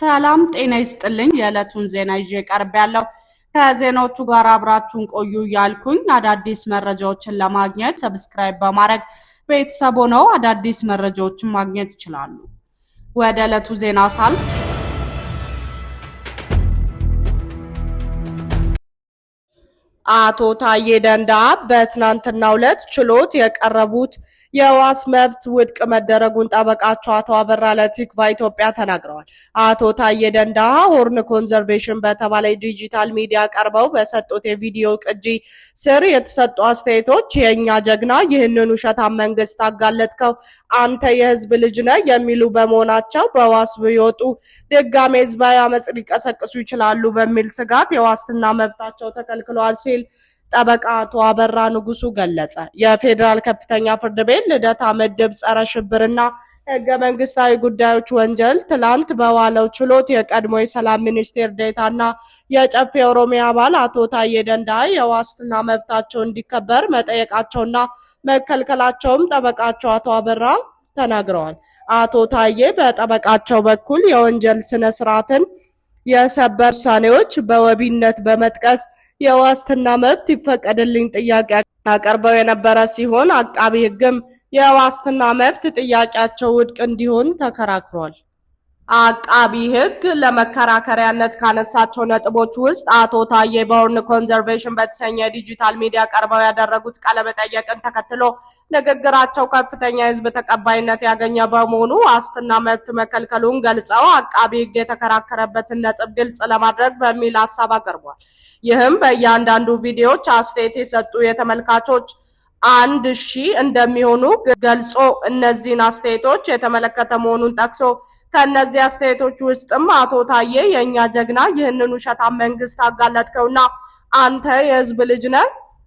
ሰላም ጤና ይስጥልኝ። የዕለቱን ዜና ይዤ ቀርብ ያለው ከዜናዎቹ ጋር አብራችሁን ቆዩ እያልኩኝ አዳዲስ መረጃዎችን ለማግኘት ሰብስክራይብ በማድረግ ቤተሰብ ሆነው አዳዲስ መረጃዎችን ማግኘት ይችላሉ። ወደ ዕለቱ ዜና ሳልፍ አቶ ታዬ ደንዳ በትናንትናው ዕለት ችሎት የቀረቡት የዋስ መብት ውድቅ መደረጉን ጠበቃቸው አቶ አበራ ለቲክቫ ኢትዮጵያ ተናግረዋል። አቶ ታዬ ደንዳ ሆርን ኮንዘርቬሽን በተባለ ዲጂታል ሚዲያ ቀርበው በሰጡት የቪዲዮ ቅጂ ስር የተሰጡ አስተያየቶች የእኛ ጀግና ይህንን ውሸታም መንግስት አጋለጥከው፣ አንተ የህዝብ ልጅ ነህ የሚሉ በመሆናቸው በዋስ ቢወጡ ድጋሜ ህዝባዊ አመፅ ሊቀሰቅሱ ይችላሉ በሚል ስጋት የዋስትና መብታቸው ተከልክለዋል ሲል ጠበቃ አቶ አበራ ንጉሱ ገለጸ። የፌዴራል ከፍተኛ ፍርድ ቤት ልደታ ምድብ ጸረ ሽብርና ህገ መንግስታዊ ጉዳዮች ወንጀል ትላንት በዋለው ችሎት የቀድሞ የሰላም ሚኒስቴር ዴታና የጨፌ የኦሮሚያ አባል አቶ ታዬ ደንዳ የዋስትና መብታቸው እንዲከበር መጠየቃቸውና መከልከላቸውም ጠበቃቸው አቶ አበራ ተናግረዋል። አቶ ታዬ በጠበቃቸው በኩል የወንጀል ስነ ስርዓትን የሰበር ውሳኔዎች በወቢነት በመጥቀስ የዋስትና መብት ይፈቀድልኝ ጥያቄ አቀርበው የነበረ ሲሆን አቃቢ ሕግም የዋስትና መብት ጥያቄያቸው ውድቅ እንዲሆን ተከራክሯል። አቃቢ ሕግ ለመከራከሪያነት ካነሳቸው ነጥቦች ውስጥ አቶ ታዬ ቦርን ኮንዘርቬሽን በተሰኘ ዲጂታል ሚዲያ ቀርበው ያደረጉት ቃለመጠይቅን ተከትሎ ንግግራቸው ከፍተኛ የሕዝብ ተቀባይነት ያገኘ በመሆኑ ዋስትና መብት መከልከሉን ገልጸው አቃቢ ሕግ የተከራከረበትን ነጥብ ግልጽ ለማድረግ በሚል ሀሳብ አቅርቧል። ይህም በእያንዳንዱ ቪዲዮዎች አስተያየት የሰጡ የተመልካቾች አንድ ሺህ እንደሚሆኑ ገልጾ እነዚህን አስተያየቶች የተመለከተ መሆኑን ጠቅሶ ከእነዚህ አስተያየቶች ውስጥም አቶ ታዬ የእኛ ጀግና ይህንን ውሸታም መንግስት አጋለጥከውና አንተ የህዝብ ልጅ ነህ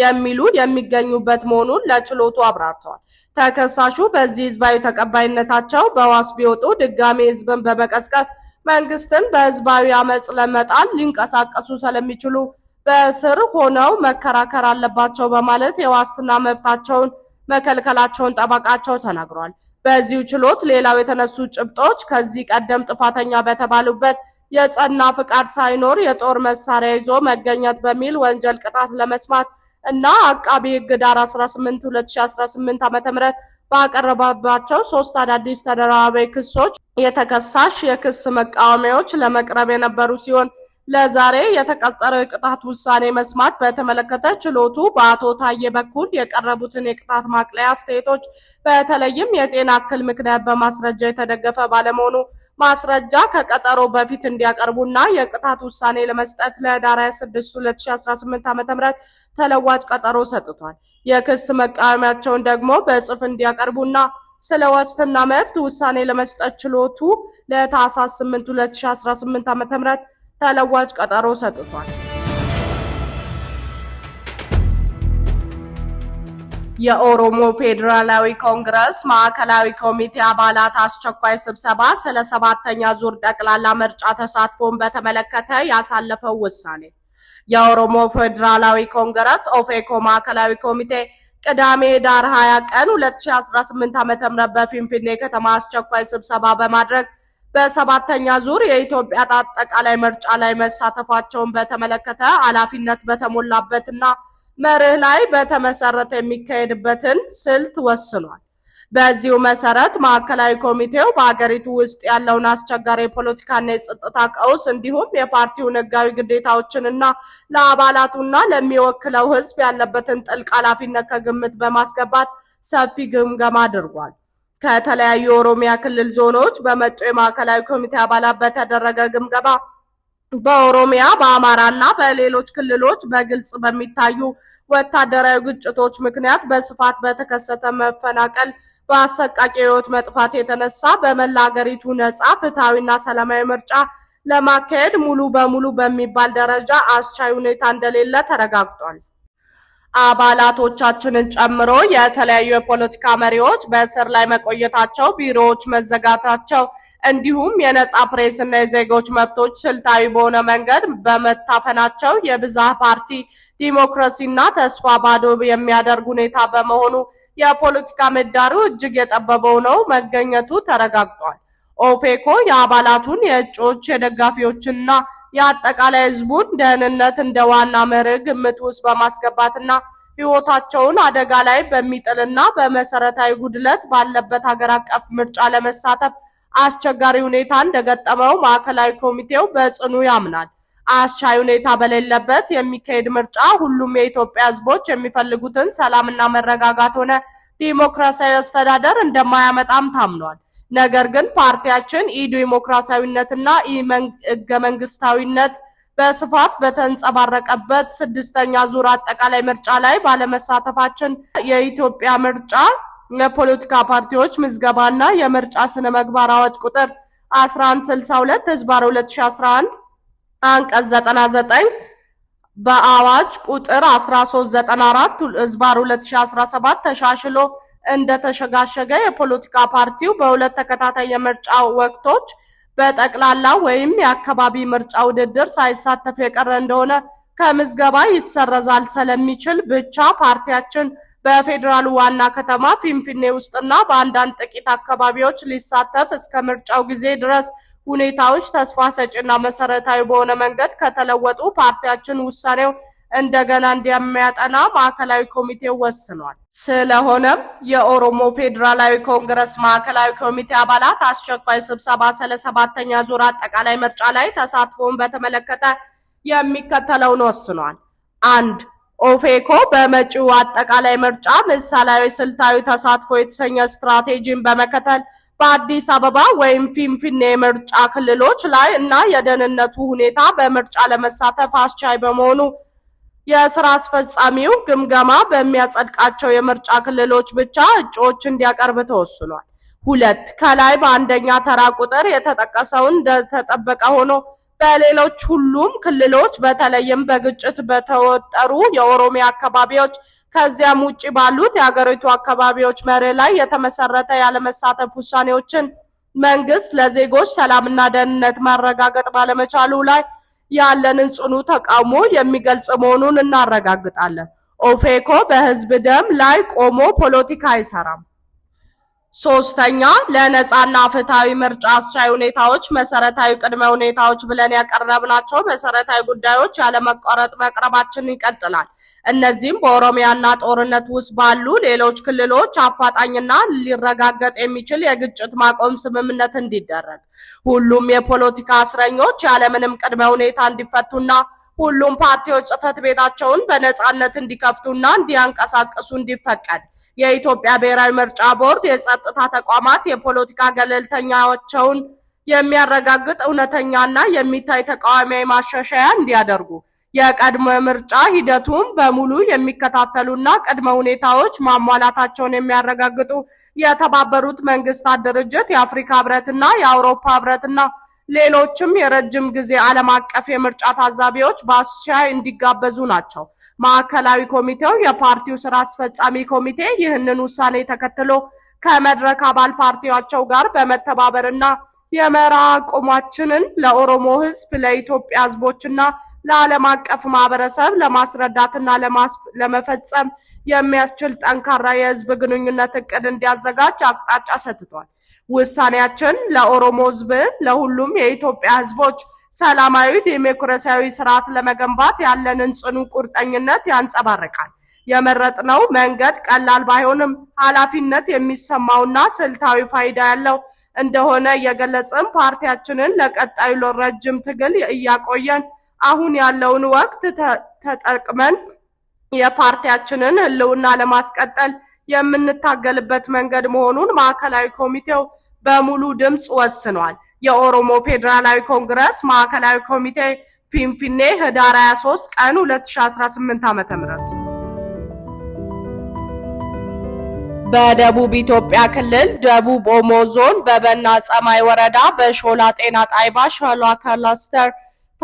የሚሉ የሚገኙበት መሆኑን ለችሎቱ አብራርተዋል። ተከሳሹ በዚህ ህዝባዊ ተቀባይነታቸው በዋስ ቢወጡ ድጋሜ ህዝብን በመቀስቀስ መንግስትን በህዝባዊ አመፅ ለመጣል ሊንቀሳቀሱ ስለሚችሉ በእስር ሆነው መከራከር አለባቸው በማለት የዋስትና መብታቸውን መከልከላቸውን ጠበቃቸው ተናግሯል። በዚሁ ችሎት ሌላው የተነሱ ጭብጦች ከዚህ ቀደም ጥፋተኛ በተባሉበት የጸና ፍቃድ ሳይኖር የጦር መሳሪያ ይዞ መገኘት በሚል ወንጀል ቅጣት ለመስማት እና አቃቢ ሕግ ዳር 18 2018 ዓ.ም ባቀረባባቸው ሶስት አዳዲስ ተደራራቢ ክሶች የተከሳሽ የክስ መቃወሚያዎች ለመቅረብ የነበሩ ሲሆን ለዛሬ የተቀጠረው የቅጣት ውሳኔ መስማት በተመለከተ ችሎቱ በአቶ ታዬ በኩል የቀረቡትን የቅጣት ማቅለያ አስተያየቶች በተለይም የጤና እክል ምክንያት በማስረጃ የተደገፈ ባለመሆኑ ማስረጃ ከቀጠሮ በፊት እንዲያቀርቡና የቅጣት ውሳኔ ለመስጠት ለህዳር 26 2018 ዓ ም ተለዋጭ ቀጠሮ ሰጥቷል። የክስ መቃወሚያቸውን ደግሞ በጽፍ እንዲያቀርቡና ስለ ዋስትና መብት ውሳኔ ለመስጠት ችሎቱ ለታህሳስ 8 2018 ዓ ም ተለዋጭ ቀጠሮ ሰጥቷል። የኦሮሞ ፌዴራላዊ ኮንግረስ ማዕከላዊ ኮሚቴ አባላት አስቸኳይ ስብሰባ ስለ ሰባተኛ ዙር ጠቅላላ ምርጫ ተሳትፎን በተመለከተ ያሳለፈው ውሳኔ። የኦሮሞ ፌዴራላዊ ኮንግረስ ኦፌኮ ማዕከላዊ ኮሚቴ ቅዳሜ ዳር 20 ቀን 2018 ዓ.ም በፊንፊኔ ከተማ አስቸኳይ ስብሰባ በማድረግ በሰባተኛ ዙር የኢትዮጵያ አጠቃላይ ምርጫ ላይ መሳተፋቸውን በተመለከተ ኃላፊነት በተሞላበትና መርህ ላይ በተመሰረተ የሚካሄድበትን ስልት ወስኗል። በዚሁ መሰረት ማዕከላዊ ኮሚቴው በሀገሪቱ ውስጥ ያለውን አስቸጋሪ የፖለቲካና የጸጥታ ቀውስ እንዲሁም የፓርቲውን ህጋዊ ግዴታዎችንና ለአባላቱና ለሚወክለው ህዝብ ያለበትን ጥልቅ ኃላፊነት ከግምት በማስገባት ሰፊ ግምገማ አድርጓል። ከተለያዩ የኦሮሚያ ክልል ዞኖች በመጡ የማዕከላዊ ኮሚቴ አባላት በተደረገ ግምገማ በኦሮሚያ በአማራ እና በሌሎች ክልሎች በግልጽ በሚታዩ ወታደራዊ ግጭቶች ምክንያት በስፋት በተከሰተ መፈናቀል፣ በአሰቃቂ ህይወት መጥፋት የተነሳ በመላ አገሪቱ ነጻ ፍትሐዊና ሰላማዊ ምርጫ ለማካሄድ ሙሉ በሙሉ በሚባል ደረጃ አስቻይ ሁኔታ እንደሌለ ተረጋግጧል። አባላቶቻችንን ጨምሮ የተለያዩ የፖለቲካ መሪዎች በእስር ላይ መቆየታቸው፣ ቢሮዎች መዘጋታቸው እንዲሁም የነጻ ፕሬስ እና የዜጎች መብቶች ስልታዊ በሆነ መንገድ በመታፈናቸው የብዝሃ ፓርቲ ዲሞክራሲና ተስፋ ባዶ የሚያደርግ ሁኔታ በመሆኑ የፖለቲካ ምህዳሩ እጅግ የጠበበው ነው መገኘቱ ተረጋግጧል። ኦፌኮ የአባላቱን የእጩዎች የደጋፊዎችና የአጠቃላይ ህዝቡን ደህንነት እንደ ዋና መርህ ግምት ውስጥ በማስገባትና ህይወታቸውን አደጋ ላይ በሚጥልና በመሰረታዊ ጉድለት ባለበት ሀገር አቀፍ ምርጫ ለመሳተፍ አስቸጋሪ ሁኔታ እንደገጠመው ማዕከላዊ ኮሚቴው በጽኑ ያምናል። አስቻይ ሁኔታ በሌለበት የሚካሄድ ምርጫ ሁሉም የኢትዮጵያ ህዝቦች የሚፈልጉትን ሰላምና መረጋጋት ሆነ ዲሞክራሲያዊ አስተዳደር እንደማያመጣም ታምኗል። ነገር ግን ፓርቲያችን ኢዲሞክራሲያዊነትና ሕገ መንግስታዊነት በስፋት በተንጸባረቀበት ስድስተኛ ዙር አጠቃላይ ምርጫ ላይ ባለመሳተፋችን የኢትዮጵያ ምርጫ የፖለቲካ ፓርቲዎች ምዝገባና የምርጫ ስነ ምግባር አዋጅ ቁጥር 1162 ህዝባር 2011 አንቀጽ 99 በአዋጅ ቁጥር 1394 ህዝባር 2017 ተሻሽሎ እንደተሸጋሸገ የፖለቲካ ፓርቲው በሁለት ተከታታይ የምርጫ ወቅቶች በጠቅላላ ወይም የአካባቢ ምርጫ ውድድር ሳይሳተፍ የቀረ እንደሆነ ከምዝገባ ይሰረዛል ስለሚችል ብቻ ፓርቲያችን በፌዴራሉ ዋና ከተማ ፊንፊኔ ውስጥና በአንዳንድ ጥቂት አካባቢዎች ሊሳተፍ እስከ ምርጫው ጊዜ ድረስ ሁኔታዎች ተስፋ ሰጪና መሰረታዊ በሆነ መንገድ ከተለወጡ ፓርቲያችን ውሳኔው እንደገና እንደሚያጠና ማዕከላዊ ኮሚቴ ወስኗል። ስለሆነም የኦሮሞ ፌዴራላዊ ኮንግረስ ማዕከላዊ ኮሚቴ አባላት አስቸኳይ ስብሰባ ስለ ሰባተኛ ዙር አጠቃላይ ምርጫ ላይ ተሳትፎን በተመለከተ የሚከተለውን ወስኗል። አንድ ኦፌኮ በመጪው አጠቃላይ ምርጫ ምሳሌያዊ ስልታዊ ተሳትፎ የተሰኘ ስትራቴጂን በመከተል በአዲስ አበባ ወይም ፊንፊኔ የምርጫ ክልሎች ላይ እና የደህንነቱ ሁኔታ በምርጫ ለመሳተፍ አስቻይ በመሆኑ የስራ አስፈጻሚው ግምገማ በሚያጸድቃቸው የምርጫ ክልሎች ብቻ እጩዎች እንዲያቀርብ ተወስኗል። ሁለት ከላይ በአንደኛ ተራ ቁጥር የተጠቀሰውን እንደተጠበቀ ሆኖ በሌሎች ሁሉም ክልሎች በተለይም በግጭት በተወጠሩ የኦሮሚያ አካባቢዎች ከዚያም ውጭ ባሉት የሀገሪቱ አካባቢዎች መሪ ላይ የተመሰረተ ያለመሳተፍ ውሳኔዎችን መንግስት ለዜጎች ሰላምና ደህንነት ማረጋገጥ ባለመቻሉ ላይ ያለንን ጽኑ ተቃውሞ የሚገልጽ መሆኑን እናረጋግጣለን። ኦፌኮ በህዝብ ደም ላይ ቆሞ ፖለቲካ አይሰራም። ሶስተኛ ለነፃና ፍትሐዊ ምርጫ አስቻይ ሁኔታዎች መሰረታዊ ቅድመ ሁኔታዎች ብለን ያቀረብናቸው መሰረታዊ ጉዳዮች ያለመቋረጥ መቅረባችን ይቀጥላል። እነዚህም በኦሮሚያና ጦርነት ውስጥ ባሉ ሌሎች ክልሎች አፋጣኝና ሊረጋገጥ የሚችል የግጭት ማቆም ስምምነት እንዲደረግ፣ ሁሉም የፖለቲካ እስረኞች ያለምንም ቅድመ ሁኔታ እንዲፈቱና ሁሉም ፓርቲዎች ጽህፈት ቤታቸውን በነጻነት እንዲከፍቱና እንዲያንቀሳቅሱ እንዲፈቀድ፣ የኢትዮጵያ ብሔራዊ ምርጫ ቦርድ የጸጥታ ተቋማት የፖለቲካ ገለልተኛቸውን የሚያረጋግጥ እውነተኛና የሚታይ ተቃዋሚ ማሻሻያ እንዲያደርጉ የቅድመ ምርጫ ሂደቱን በሙሉ የሚከታተሉና ቅድመ ሁኔታዎች ማሟላታቸውን የሚያረጋግጡ የተባበሩት መንግስታት ድርጅት፣ የአፍሪካ ህብረትና የአውሮፓ ህብረትና ሌሎችም የረጅም ጊዜ ዓለም አቀፍ የምርጫ ታዛቢዎች በአስቻይ እንዲጋበዙ ናቸው። ማዕከላዊ ኮሚቴው የፓርቲው ስራ አስፈጻሚ ኮሚቴ ይህንን ውሳኔ ተከትሎ ከመድረክ አባል ፓርቲያቸው ጋር በመተባበርና የመራ አቋማችንን ለኦሮሞ ህዝብ ለኢትዮጵያ ህዝቦችና ለዓለም አቀፍ ማህበረሰብ ለማስረዳትና ለመፈጸም የሚያስችል ጠንካራ የህዝብ ግንኙነት እቅድ እንዲያዘጋጅ አቅጣጫ ሰጥቷል። ውሳኔያችን ለኦሮሞ ህዝብ፣ ለሁሉም የኢትዮጵያ ህዝቦች ሰላማዊ ዴሞክራሲያዊ ስርዓት ለመገንባት ያለንን ጽኑ ቁርጠኝነት ያንጸባርቃል። የመረጥነው መንገድ ቀላል ባይሆንም ኃላፊነት የሚሰማውና ስልታዊ ፋይዳ ያለው እንደሆነ እየገለጽን ፓርቲያችንን ለቀጣዩ ለረጅም ትግል እያቆየን አሁን ያለውን ወቅት ተጠቅመን የፓርቲያችንን ህልውና ለማስቀጠል የምንታገልበት መንገድ መሆኑን ማዕከላዊ ኮሚቴው በሙሉ ድምፅ ወስኗል። የኦሮሞ ፌዴራላዊ ኮንግረስ ማዕከላዊ ኮሚቴ ፊንፊኔ ህዳር 23 ቀን 2018 ም በደቡብ ኢትዮጵያ ክልል ደቡብ ኦሞ ዞን በበና ጸማይ ወረዳ በሾላ ጤና ጣይባ ሸሏ ክላስተር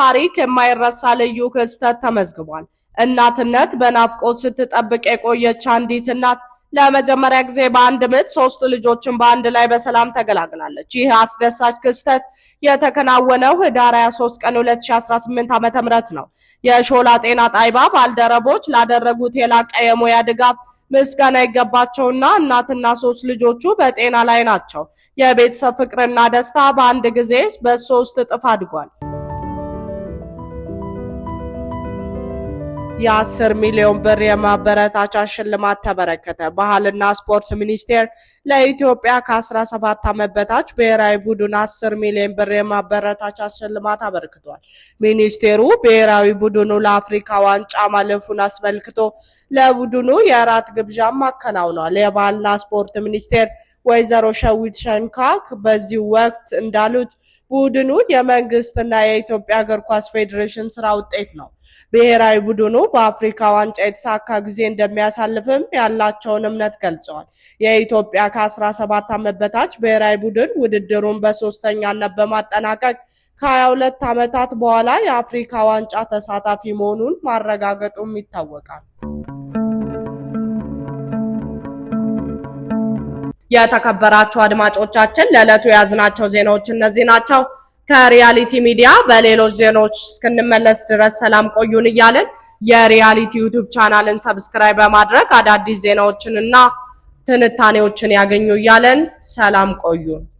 ታሪክ የማይረሳ ልዩ ክስተት ተመዝግቧል። እናትነት በናፍቆት ስትጠብቅ የቆየች አንዲት እናት ለመጀመሪያ ጊዜ በአንድ ምት ሶስት ልጆችን በአንድ ላይ በሰላም ተገላግላለች። ይህ አስደሳች ክስተት የተከናወነው ህዳር 23 ቀን 2018 ዓ.ም ነው። የሾላ ጤና ጣይባ ባልደረቦች ላደረጉት የላቀ የሙያ ድጋፍ ምስጋና ይገባቸውና እናትና ሶስት ልጆቹ በጤና ላይ ናቸው። የቤተሰብ ፍቅርና ደስታ በአንድ ጊዜ በሶስት እጥፍ አድጓል። የ10 ሚሊዮን ብር የማበረታቻ ሽልማት ተበረከተ። ባህልና ስፖርት ሚኒስቴር ለኢትዮጵያ ከ17 ዓመት በታች ብሔራዊ ቡድን 10 ሚሊዮን ብር የማበረታቻ ሽልማት አበርክቷል። ሚኒስቴሩ ብሔራዊ ቡድኑ ለአፍሪካ ዋንጫ ማለፉን አስመልክቶ ለቡድኑ የእራት ግብዣም አከናውኗል። የባህልና ስፖርት ሚኒስቴር ወይዘሮ ሸዊት ሸንካክ በዚህ ወቅት እንዳሉት ቡድኑ የመንግስትና የኢትዮጵያ እግር ኳስ ፌዴሬሽን ስራ ውጤት ነው። ብሔራዊ ቡድኑ በአፍሪካ ዋንጫ የተሳካ ጊዜ እንደሚያሳልፍም ያላቸውን እምነት ገልጸዋል። የኢትዮጵያ ከ17 ዓመት በታች ብሔራዊ ቡድን ውድድሩን በሶስተኛነት በማጠናቀቅ ከ22 ዓመታት በኋላ የአፍሪካ ዋንጫ ተሳታፊ መሆኑን ማረጋገጡም ይታወቃል። የተከበራችሁ አድማጮቻችን ለዕለቱ የያዝናቸው ዜናዎች እነዚህ ናቸው። ከሪያሊቲ ሚዲያ በሌሎች ዜናዎች እስክንመለስ ድረስ ሰላም ቆዩን እያለን የሪያሊቲ ዩቱብ ቻናልን ሰብስክራይብ በማድረግ አዳዲስ ዜናዎችን እና ትንታኔዎችን ያገኙ እያለን ሰላም ቆዩን።